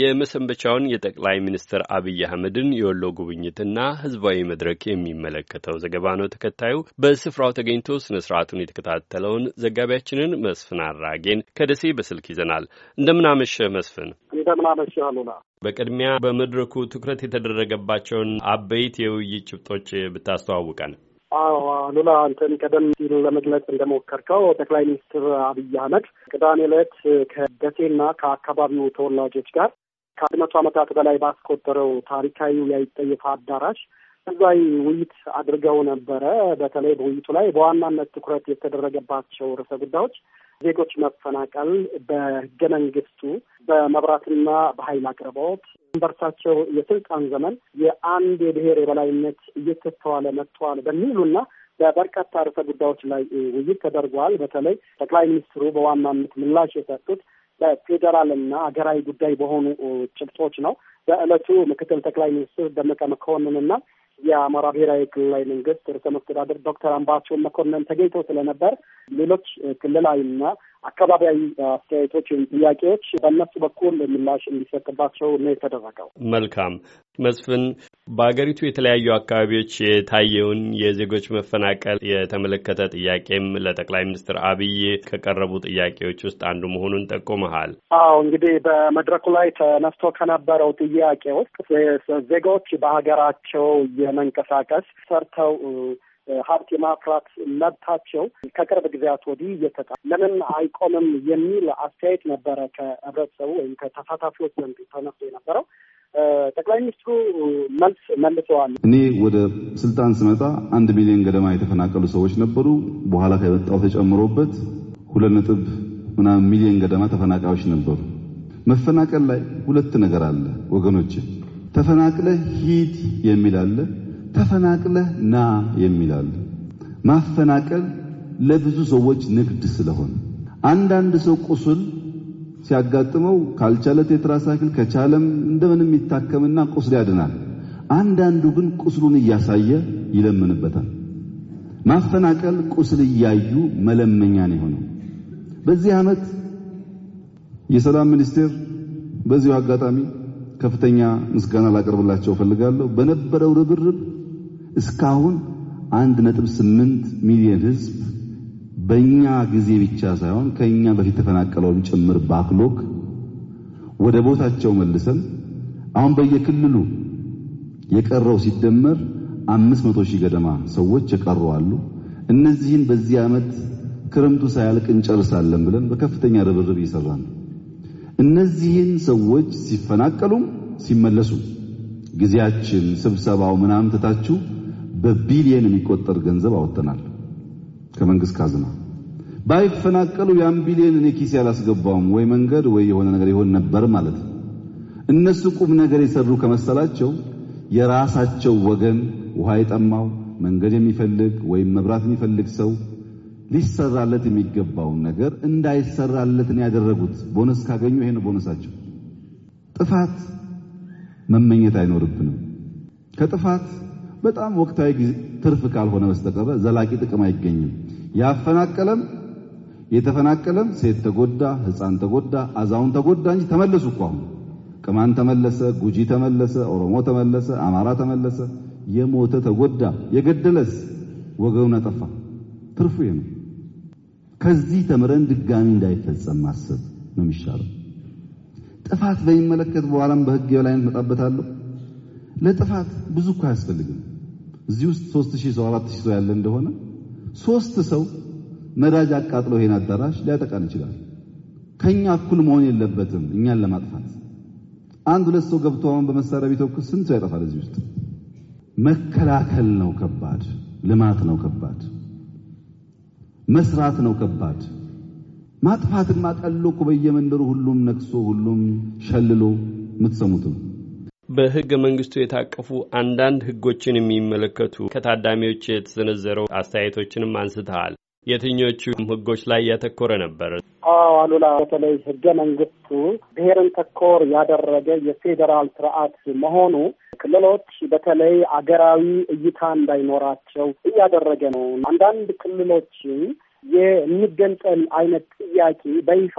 የመሰንበቻውን የጠቅላይ ሚኒስትር አብይ አህመድን የወሎ ጉብኝትና ህዝባዊ መድረክ የሚመለከተው ዘገባ ነው ተከታዩ። በስፍራው ተገኝቶ ስነ ስርዓቱን የተከታተለውን ዘጋቢያችንን መስፍን አራጌን ከደሴ በስልክ ይዘናል። እንደምናመሸህ መስፍን። እንደምናመሸ አሉና። በቅድሚያ በመድረኩ ትኩረት የተደረገባቸውን አበይት የውይይት ጭብጦች ብታስተዋውቀን። አዎ ሉላ፣ አንተን ቀደም ሲል ለመግለጽ እንደሞከርከው ጠቅላይ ሚኒስትር አብይ አህመድ ቅዳሜ ዕለት ከደሴና ከአካባቢው ተወላጆች ጋር ከአንድ መቶ ዓመታት በላይ ባስቆጠረው ታሪካዊ ያይጠየፈ አዳራሽ ህዝባዊ ውይይት አድርገው ነበረ። በተለይ በውይይቱ ላይ በዋናነት ትኩረት የተደረገባቸው ርዕሰ ጉዳዮች ዜጎች መፈናቀል በህገ መንግስቱ፣ በመብራትና በኃይል አቅርቦት በርሳቸው የስልጣን ዘመን የአንድ የብሔር የበላይነት እየተስተዋለ መጥተዋል በሚሉና በበርካታ ርዕሰ ጉዳዮች ላይ ውይይት ተደርጓል። በተለይ ጠቅላይ ሚኒስትሩ በዋናነት ምላሽ የሰጡት በፌዴራልና ሀገራዊ ጉዳይ በሆኑ ጭብጦች ነው። በእለቱ ምክትል ጠቅላይ ሚኒስትር ደመቀ መኮንንና የአማራ ብሔራዊ ክልላዊ መንግስት ርዕሰ መስተዳደር ዶክተር አምባቸው መኮንን ተገኝተው ስለነበር ሌሎች ክልላዊና አካባቢያዊ አስተያየቶች ወይም ጥያቄዎች በእነሱ በኩል ምላሽ እንዲሰጥባቸው ነው የተደረገው። መልካም መስፍን፣ በሀገሪቱ የተለያዩ አካባቢዎች የታየውን የዜጎች መፈናቀል የተመለከተ ጥያቄም ለጠቅላይ ሚኒስትር አብይ ከቀረቡ ጥያቄዎች ውስጥ አንዱ መሆኑን ጠቁመሃል። አዎ እንግዲህ በመድረኩ ላይ ተነስቶ ከነበረው ጥያቄ ውስጥ ዜጎች በሀገራቸው የመንቀሳቀስ ሰርተው ሀብት የማፍራት መብታቸው ከቅርብ ጊዜያት ወዲህ እየተጣ ለምን አይቆምም የሚል አስተያየት ነበረ ከህብረተሰቡ ወይም ከተሳታፊዎች ዘንድ ተነስቶ የነበረው። ጠቅላይ ሚኒስትሩ መልስ መልሰዋል። እኔ ወደ ስልጣን ስመጣ አንድ ሚሊዮን ገደማ የተፈናቀሉ ሰዎች ነበሩ። በኋላ ከመጣው ተጨምሮበት ሁለት ነጥብ ምናምን ሚሊዮን ገደማ ተፈናቃዮች ነበሩ። መፈናቀል ላይ ሁለት ነገር አለ ወገኖች፣ ተፈናቅለህ ሂድ የሚል አለ ተፈናቅለህ ና የሚላሉ። ማፈናቀል ለብዙ ሰዎች ንግድ ስለሆነ አንዳንድ ሰው ቁስል ሲያጋጥመው ካልቻለ ቴትራሳይክል ከቻለም እንደምንም ይታከምና ቁስል ያድናል። አንዳንዱ ግን ቁስሉን እያሳየ ይለምንበታል። ማፈናቀል ቁስል እያዩ መለመኛ ነው የሆነው። በዚህ ዓመት የሰላም ሚኒስቴር በዚሁ አጋጣሚ ከፍተኛ ምስጋና ላቀርብላቸው እፈልጋለሁ። በነበረው ርብርብ እስካሁን አንድ ነጥብ ሚሊዮን ህዝብ በእኛ ጊዜ ብቻ ሳይሆን ከእኛ በፊት ተፈናቀለውን ጭምር ባክሎክ ወደ ቦታቸው መልሰን አሁን በየክልሉ የቀረው ሲደመር 500 መቶ ሺህ ገደማ ሰዎች የቀሩ አሉ። እነዚህን በዚህ ዓመት ክረምቱ ሳያልቅ እንጨርሳለን ብለን በከፍተኛ ርብርብ እየሰራን ነው። እነዚህን ሰዎች ሲፈናቀሉም ሲመለሱ ጊዜያችን ስብሰባው ምናምን ትታችሁ በቢሊየን የሚቆጠር ገንዘብ አወጥተናል ከመንግስት ካዝና። ባይፈናቀሉ ያን ቢሊየን እኔ ኪስ ያላስገባውም ወይ መንገድ ወይ የሆነ ነገር ይሆን ነበር ማለት ነው። እነሱ ቁም ነገር የሰሩ ከመሰላቸው የራሳቸው ወገን ውሃ የጠማው መንገድ የሚፈልግ ወይም መብራት የሚፈልግ ሰው ሊሰራለት የሚገባውን ነገር እንዳይሰራለት ነው ያደረጉት። ቦነስ ካገኙ ይሄ ነው ቦነሳቸው። ጥፋት መመኘት አይኖርብንም። ከጥፋት በጣም ወቅታዊ ትርፍ ካልሆነ በስተቀረ ዘላቂ ጥቅም አይገኝም። ያፈናቀለም የተፈናቀለም ሴት ተጎዳ፣ ህፃን ተጎዳ፣ አዛውን ተጎዳ እንጂ ተመለሱ እኮ አሁን ቅማን ተመለሰ፣ ጉጂ ተመለሰ፣ ኦሮሞ ተመለሰ፣ አማራ ተመለሰ። የሞተ ተጎዳ፣ የገደለስ ወገኑን አጠፋ። ትርፉ ነው። ከዚህ ተምረን ድጋሚ እንዳይፈጸም ማሰብ ነው የሚሻለው። ጥፋት በሚመለከት በኋላም በህግ የበላይነት መጣበታለሁ። ለጥፋት ብዙ እኮ አያስፈልግም። እዚህ ውስጥ ሶስት ሺህ ሰው አራት ሺህ ሰው ያለ እንደሆነ ሶስት ሰው ነዳጅ አቃጥሎ ይሄን አዳራሽ ሊያጠቃን ይችላል። ከኛ እኩል መሆን የለበትም እኛን ለማጥፋት አንድ ሁለት ሰው ገብቶ አሁን በመሳሪያ ቢተኩስ ስንት ሰው ያጠፋል? እዚህ ውስጥ መከላከል ነው ከባድ፣ ልማት ነው ከባድ፣ መስራት ነው ከባድ። ማጥፋትን ማቀሎ እኮ በየመንደሩ ሁሉም ነክሶ ሁሉም ሸልሎ የምትሰሙት ነው። በህገ መንግስቱ የታቀፉ አንዳንድ ህጎችን የሚመለከቱ ከታዳሚዎች የተሰነዘረው አስተያየቶችንም አንስተሃል። የትኞቹ ህጎች ላይ ያተኮረ ነበር? አዎ አሉላ፣ በተለይ ህገ መንግስቱ ብሔርን ተኮር ያደረገ የፌዴራል ስርዓት መሆኑ ክልሎች በተለይ አገራዊ እይታ እንዳይኖራቸው እያደረገ ነው። አንዳንድ ክልሎች የንገንጠል አይነት ጥያቄ በይፋ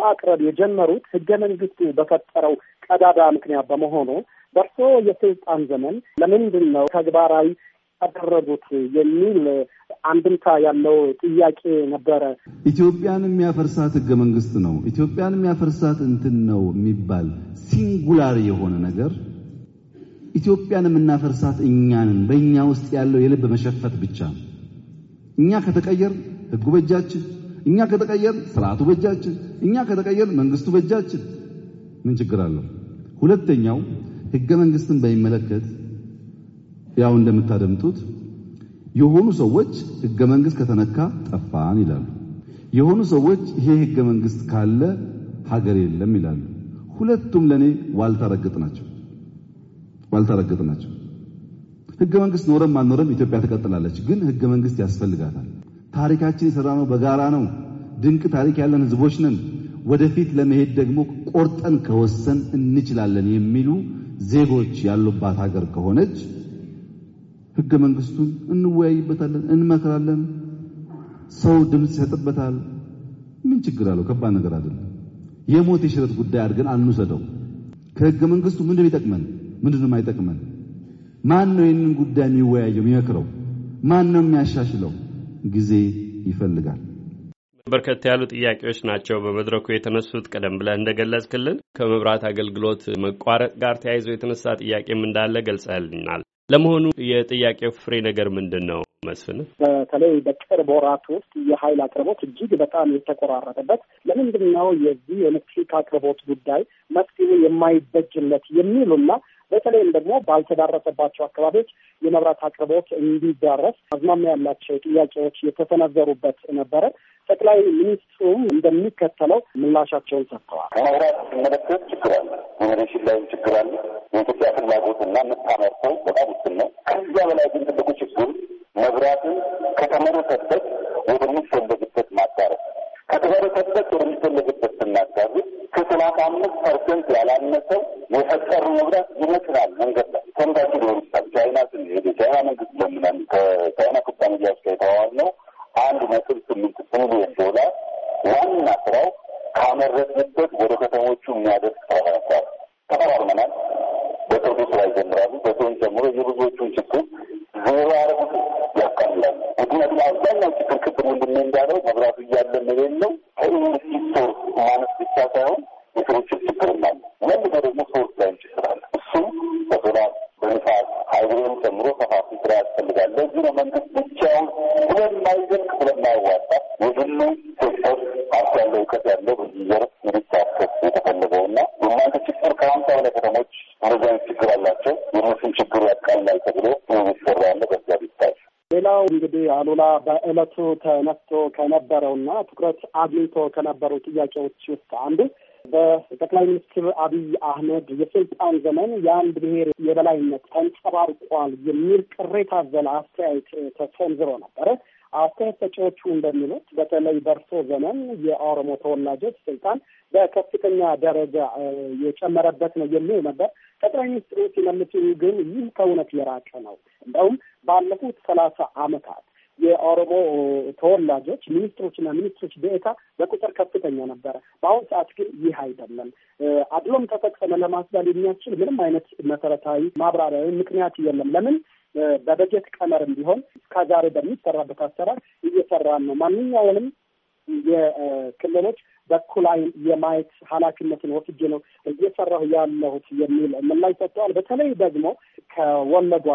ማቅረብ የጀመሩት ህገ መንግስቱ በፈጠረው ቀዳዳ ምክንያት በመሆኑ በእርስዎ የስልጣን ዘመን ለምንድን ነው ተግባራዊ ያደረጉት የሚል አንድምታ ያለው ጥያቄ ነበረ። ኢትዮጵያን የሚያፈርሳት ህገ መንግስት ነው፣ ኢትዮጵያን የሚያፈርሳት እንትን ነው የሚባል ሲንጉላር የሆነ ነገር ኢትዮጵያን የምናፈርሳት እኛንን በእኛ ውስጥ ያለው የልብ መሸፈት ብቻ እኛ ከተቀየር ህጉ በእጃችን። እኛ ከተቀየር ስርዓቱ በእጃችን። እኛ ከተቀየር መንግስቱ በእጃችን። ምን ችግር አለው? ሁለተኛው ህገ መንግስትን በሚመለከት ያው እንደምታደምጡት የሆኑ ሰዎች ህገ መንግስት ከተነካ ጠፋን ይላሉ። የሆኑ ሰዎች ይሄ ህገ መንግስት ካለ ሀገር የለም ይላሉ። ሁለቱም ለኔ ዋልታ ረገጥ ናቸው። ዋልታ ረገጥ ናቸው። ህገ መንግስት ኖረም አልኖረም ኢትዮጵያ ትቀጥላለች። ግን ህገ መንግስት ያስፈልጋታል። ታሪካችን የሰራነው በጋራ ነው። ድንቅ ታሪክ ያለን ህዝቦች ነን። ወደፊት ለመሄድ ደግሞ ቆርጠን ከወሰን እንችላለን የሚሉ ዜጎች ያሉባት ሀገር ከሆነች ህገ መንግስቱን እንወያይበታለን፣ እንመክራለን። ሰው ድምፅ ይሰጥበታል። ምን ችግር አለው? ከባድ ነገር አይደለም። የሞት የሽረት ጉዳይ አድርገን አንውሰደው። ከህገ መንግስቱ ምንድነው ይጠቅመን? ምንድነው አይጠቅመን? ማን ነው ይህንን ጉዳይ የሚወያየው የሚመክረው? ማን ነው የሚያሻሽለው? ጊዜ ይፈልጋል። በርከት ያሉ ጥያቄዎች ናቸው በመድረኩ የተነሱት። ቀደም ብለህ እንደገለጽክልን ከመብራት አገልግሎት መቋረጥ ጋር ተያይዞ የተነሳ ጥያቄም እንዳለ ገልጸህልናል። ለመሆኑ የጥያቄው ፍሬ ነገር ምንድን ነው መስፍን? በተለይ በቅርብ ወራት ውስጥ የኃይል አቅርቦት እጅግ በጣም የተቆራረጠበት ለምንድን ነው የዚህ የኤሌክትሪክ አቅርቦት ጉዳይ መፍትሄ የማይበጅለት የሚሉና በተለይም ደግሞ ባልተዳረሰባቸው አካባቢዎች የመብራት አቅርቦት እንዲዳረስ አዝማሚያ ያላቸው ጥያቄዎች የተሰነዘሩበት ነበረ። ጠቅላይ ሚኒስትሩም እንደሚከተለው ምላሻቸውን ሰጥተዋል። የመብራት መለክት ችግር አለ፣ ኢኖቬሽን ላይም ችግር አለ። የኢትዮጵያ ፍላጎት እና የምታመርተው በጣም ውስን ነው። ከዚያ በላይ ግን ትልቁ ችግር መብራትን ከተመረተበት ወደሚፈለግበት ማዳረስ ከተመረተበት ወደሚፈለግበት ስናዳርግ ከሰላሳ አምስት ፐርሰንት ያላነሰው የፈጠሩ ንብረት ይመስላል መንገድ ላይ ተንዳጅ ሊሆን ቻይና ስንሄድ ቻይና መንግስት ለምናል ከቻይና ኩባንያ ኩባንያዎች የተዋዋል ነው አንድ ነጥብ ስምንት ቢሊዮን ዶላር ዋና ስራው ካመረትንበት ወደ ከተሞቹ የሚያደርስ ስራ ተፈራርመናል። በሰው ስራ ይጀምራሉ። በቶን ጀምሮ የብዙዎቹን ችግር ዜሮ ያደረጉት ያቃላሉ። ምክንያቱም አብዛኛው ችግር ክብር ምንድነው እንዳለው መብራቱ እያለን የሌለው ከኢንቨስቲንግ ሶርስ ማነስ ብቻ ሳይሆን በኋላ በእለቱ ተነስቶ ከነበረውና ትኩረት አግኝቶ ከነበሩ ጥያቄዎች ውስጥ አንዱ በጠቅላይ ሚኒስትር አብይ አህመድ የስልጣን ዘመን የአንድ ብሔር የበላይነት ተንጸባርቋል የሚል ቅሬታ ዘለ አስተያየት ተሰንዝሮ ነበረ። አስተያየት ሰጪዎቹ እንደሚሉት በተለይ በእርሶ ዘመን የኦሮሞ ተወላጆች ስልጣን በከፍተኛ ደረጃ የጨመረበት ነው የሚል ነበር። ጠቅላይ ሚኒስትሩ ሲመልሱ ግን ይህ ከእውነት የራቀ ነው። እንደውም ባለፉት ሰላሳ አመታት የኦሮሞ ተወላጆች ሚኒስትሮችና ሚኒስትሮች ቤታ በቁጥር ከፍተኛ ነበረ። በአሁኑ ሰዓት ግን ይህ አይደለም። አድሎም ተፈጸመ ለማስባል የሚያስችል ምንም አይነት መሰረታዊ ማብራሪያዊ ምክንያት የለም። ለምን በበጀት ቀመርም ቢሆን ከዛሬ በሚሰራበት አሰራር እየሰራን ነው። ማንኛውንም የክልሎች አይን የማየት ኃላፊነትን ወስጄ ነው እየሰራሁ ያለሁት የሚል ምላሽ ሰጥተዋል። በተለይ ደግሞ ከወለዷ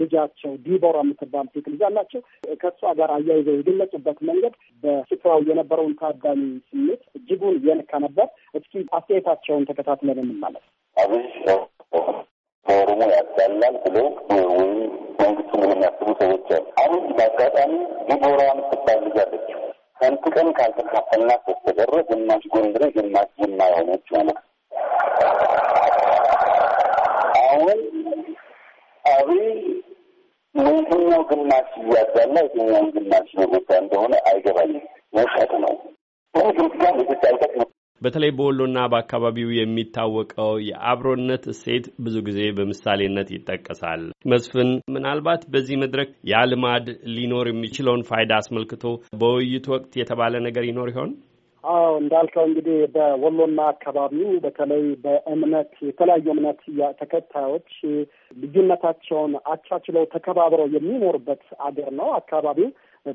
ልጃቸው ዲቦራ የምትባል ሴት ልጅ አላቸው። ከእሷ ጋር አያይዘው የገለጹበት መንገድ በስፍራው የነበረውን ታዳሚ ስሜት እጅጉን የነካ ነበር። እስኪ አስተያየታቸውን ተከታትለን እንመለስ። ፎርሙ ያዳላል ብሎ ወይም መንግስቱ ምን የሚያስቡ ሰዎች አሉ። አሁን በአጋጣሚ ዲቦራ የምትባል ልጅ አለችው ከንት ቀን ካልተካፈልናት በስተቀር ግማሽ ጎንድሬ ግማሽ ጅማ የሆነች ማለት ነው አሁን አሁን የትኛው ግማሽ እያዛና የትኛውን ግማሽ የጎዳ እንደሆነ አይገባኝም። ውሸት ነው። ፖለቲካን የተጫይቀት ነው። በተለይ በወሎና በአካባቢው የሚታወቀው የአብሮነት እሴት ብዙ ጊዜ በምሳሌነት ይጠቀሳል። መስፍን፣ ምናልባት በዚህ መድረክ ያ ልማድ ሊኖር የሚችለውን ፋይዳ አስመልክቶ በውይይት ወቅት የተባለ ነገር ይኖር ይሆን? አዎ እንዳልከው እንግዲህ በወሎና አካባቢው በተለይ በእምነት የተለያዩ እምነት ተከታዮች ልዩነታቸውን አቻችለው ተከባብረው የሚኖሩበት አገር ነው አካባቢው።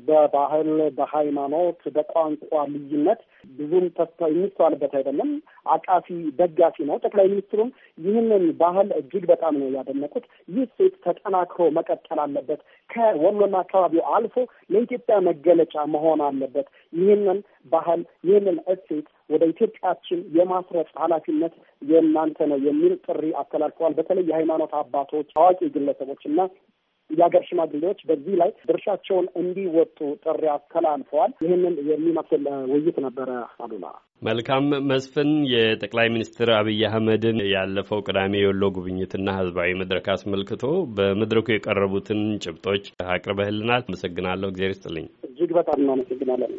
በባህል፣ በሃይማኖት፣ በቋንቋ ልዩነት ብዙም ተስፋ የሚስተዋልበት አይደለም። አቃፊ ደጋፊ ነው። ጠቅላይ ሚኒስትሩም ይህንን ባህል እጅግ በጣም ነው ያደነቁት። ይህ ሴት ተጠናክሮ መቀጠል አለበት፣ ከወሎና አካባቢው አልፎ ለኢትዮጵያ መገለጫ መሆን አለበት። ይህንን ባህል ይህንን እሴት ወደ ኢትዮጵያችን የማስረጽ ኃላፊነት የእናንተ ነው የሚል ጥሪ አስተላልፈዋል። በተለይ የሃይማኖት አባቶች፣ ታዋቂ ግለሰቦች እና የሀገር ሽማግሌዎች በዚህ ላይ ድርሻቸውን እንዲወጡ ጥሪ አስተላልፈዋል። ይህንን የሚመስል ውይይት ነበረ። አሉላ መልካም መስፍን፣ የጠቅላይ ሚኒስትር አብይ አህመድን ያለፈው ቅዳሜ የወሎ ጉብኝትና ህዝባዊ መድረክ አስመልክቶ በመድረኩ የቀረቡትን ጭብጦች አቅርበህልናል። አመሰግናለሁ። እግዜር ይስጥልኝ። እጅግ በጣም እናመሰግናለን።